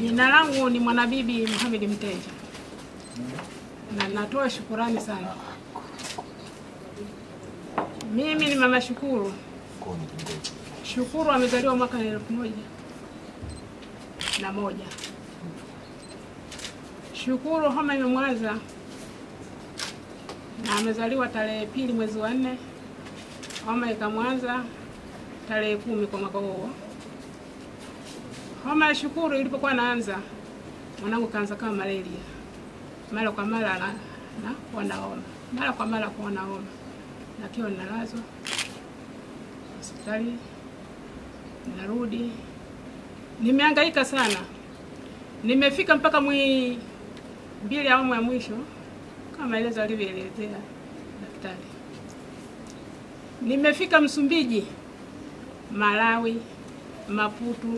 Jina langu ni Mwanabibi Mohamed Mteja na natoa shukurani sana. Mimi ni mama Shukuru. Shukuru amezaliwa mwaka elfu moja na moja. Shukuru homa imemwaza na amezaliwa tarehe pili mwezi wa nne, homa ikamwanza tarehe kumi kwa mwaka huo. Homa ya Shukuru ilipokuwa naanza, mwanangu kaanza kama malaria, mara kwa mara na, na wanaoma mara kwa mara kwa wanaoma, nakiwa ninalazwa hospitali, narudi. Nimehangaika sana, nimefika mpaka mwi mbili ya awamu ya mwisho kama maelezo alivyoelezea daktari. Nimefika Msumbiji, Malawi, Maputo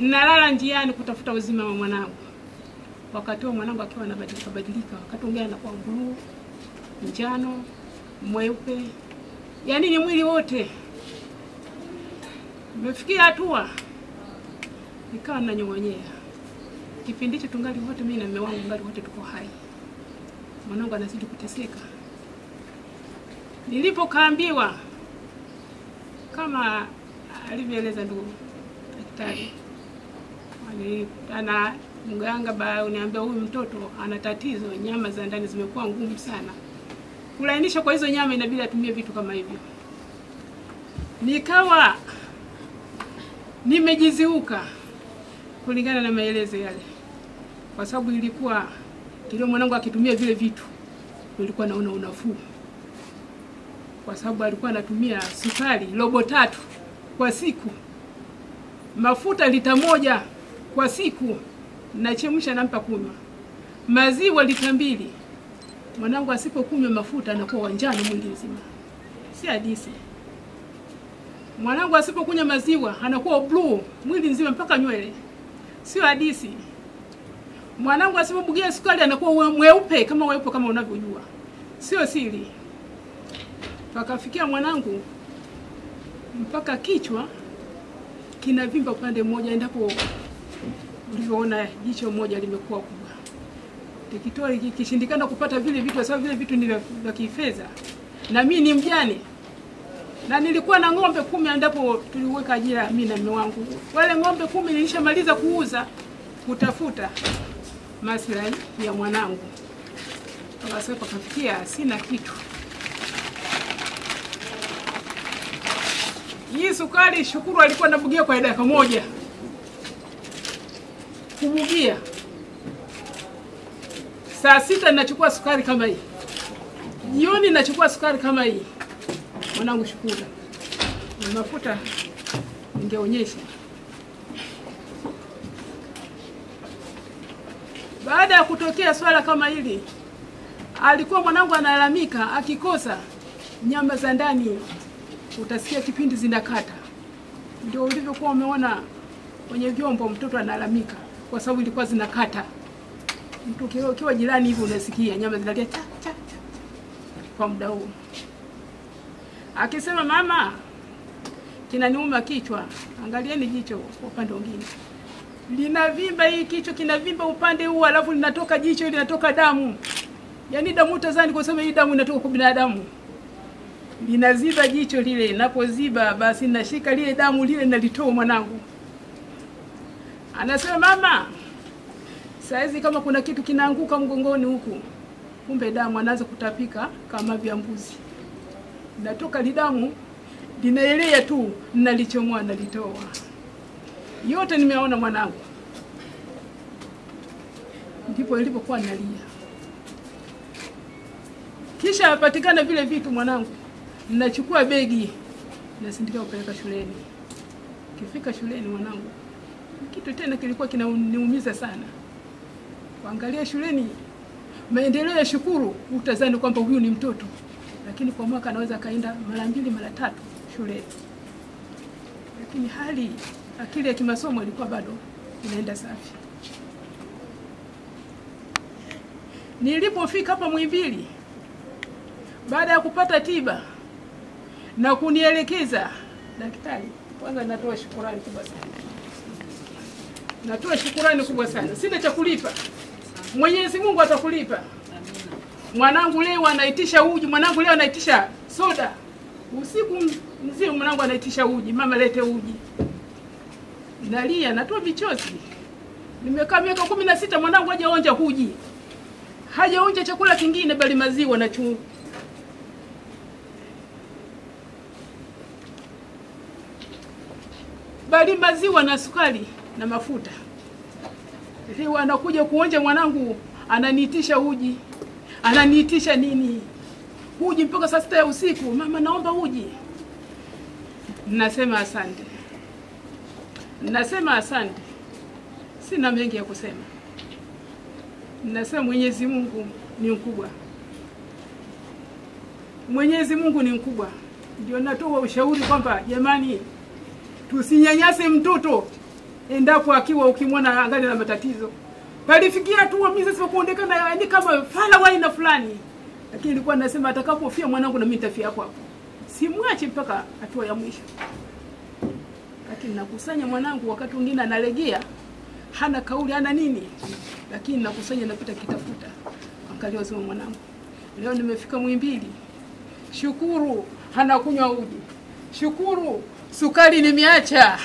nalala njiani kutafuta uzima wa mwanangu. Wakati huo mwanangu akiwa anabadilika badilika, wakati mwingine anakuwa bluu, njano, mweupe, yaani ni mwili wote. Nimefikia hatua nikawa nanyong'onyea. Kipindi hicho tungali wote, mimi na mume wangu ngali wote tuko hai, mwanangu anazidi kuteseka. Nilipokaambiwa kama alivyoeleza ndugu daktari ana mganga ba uniambia huyu mtoto ana tatizo, nyama za ndani zimekuwa ngumu sana kulainisha, kwa hizo nyama inabidi atumie vitu kama hivyo. Nikawa nimejiziuka kulingana na maelezo yale, kwa sababu ilikuwa kilio mwanangu akitumia vile vitu nilikuwa naona unafuu, kwa sababu alikuwa anatumia sukari robo tatu kwa siku, mafuta lita moja kwa siku, nachemsha nampa kunywa maziwa lita mbili. Mwanangu asipokunywa mafuta anakuwa wanjani mwili mzima, si hadisi. Mwanangu asipokunywa maziwa anakuwa blue mwili mzima mpaka nywele, sio hadisi. Mwanangu asipobugia sukari anakuwa mweupe kama weupe kama unavyojua, sio siri. Pakafikia mwanangu mpaka kichwa kinavimba upande mmoja endapo ulivyoona jicho moja limekuwa kubwa. Nikitoa kishindikana kupata vile vitu, kwa sababu vile vitu ni vya kifedha, na mimi ni mjane na nilikuwa na ng'ombe kumi ambapo tuliweka ajira mimi na mume wangu. Wale ng'ombe kumi nilishamaliza kuuza kutafuta maslahi ya mwanangu, akasa kafikia sina kitu. Hii sukari, shukuru alikuwa anabugia kwa dakika moja kubugia. Saa sita ninachukua sukari kama hii, jioni ninachukua sukari kama hii. Mwanangu na mafuta ningeonyesha. Baada ya kutokea swala kama hili, alikuwa mwanangu analalamika akikosa nyama za ndani, utasikia kipindi zinakata. Ndio ulivyokuwa umeona kwenye vyombo, mtoto analalamika kwa sababu ilikuwa zinakata. Mtu ukiwa jirani hivi unasikia nyama zinalia cha cha cha kwa muda huo, akisema mama kinaniuma kichwa, angalieni jicho kwa upande mwingine linavimba, hii kichwa kinavimba upande huu, alafu linatoka jicho, linatoka damu, yaani damu tazani, kwa sababu hii damu inatoka kwa binadamu linaziba jicho lile, napoziba basi nashika lile damu lile nalitoa mwanangu anasema mama, saizi kama kuna kitu kinaanguka mgongoni huku, kumbe damu anaanza kutapika kama vya mbuzi, natoka lidamu linaelea tu, nalichomoa nalitoa. Yote nimeona mwanangu, ndipo ilipokuwa nalia. Kisha apatikana vile vitu mwanangu, nachukua begi nasindika kupeleka shuleni. Kifika shuleni mwanangu kitu tena kilikuwa kinaniumiza sana. Kuangalia shuleni maendeleo ya Shukuru, utazani kwamba huyu ni mtoto, lakini kwa mwaka anaweza kaenda mara mbili mara tatu shuleni, lakini hali akili ya kimasomo ilikuwa bado inaenda safi. Nilipofika hapa Muhimbili baada ya kupata tiba na kunielekeza daktari, kwanza natoa shukurani kubwa sana Natoa shukurani kubwa sana, sina cha kulipa. Mwenyezi Mungu atakulipa. Mwanangu leo anaitisha uji, mwanangu leo anaitisha soda, usiku mzima mwanangu anaitisha uji, mama lete uji. Nalia, natoa vichozi. Nimekaa miaka kumi na sita mwanangu hajaonja huji, hajaonja chakula kingine bali maziwa na chungu. bali maziwa na sukari na mafuta. Leo anakuja kuonja mwanangu, ananiitisha uji, ananiitisha nini, uji mpaka saa sita ya usiku. Mama, naomba uji. Nasema asante, nasema asante, sina mengi ya kusema. Nasema Mwenyezi Mungu ni mkubwa, Mwenyezi Mungu ni mkubwa. Ndio natoa ushauri kwamba jamani, tusinyanyase mtoto endapo akiwa ukimwona angali na matatizo. Palifikia tu mimi sasa kuondekana yani kama fala wa aina fulani, lakini nilikuwa nasema atakapofia mwanangu na mimi nitafia hapo hapo, simwache mpaka hatua ya mwisho. Lakini nakusanya mwanangu, wakati mwingine analegea, hana kauli, hana nini, lakini nakusanya, napita kitafuta, angalia wazima mwanangu, leo nimefika Mwimbili, shukuru hana kunywa uji, shukuru sukari nimeacha.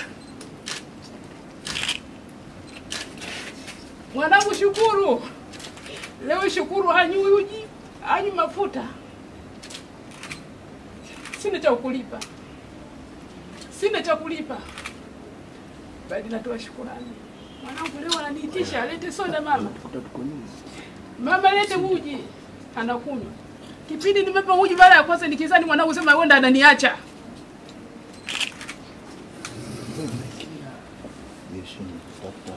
Mwanangu Shukuru, leo Shukuru hanywi uji, mafuta, sina cha kulipa, sina cha kulipa, bali natoa shukurani. Mwanangu leo ananiitisha alete soda, mama, mama lete uji, anakunywa kipindi nimepa uji mara ya kwanza nikizani mwanangu sema wenda ananiacha Yesu, nitafuta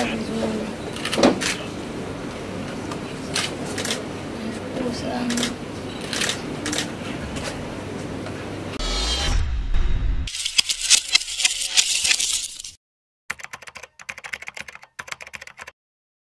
um,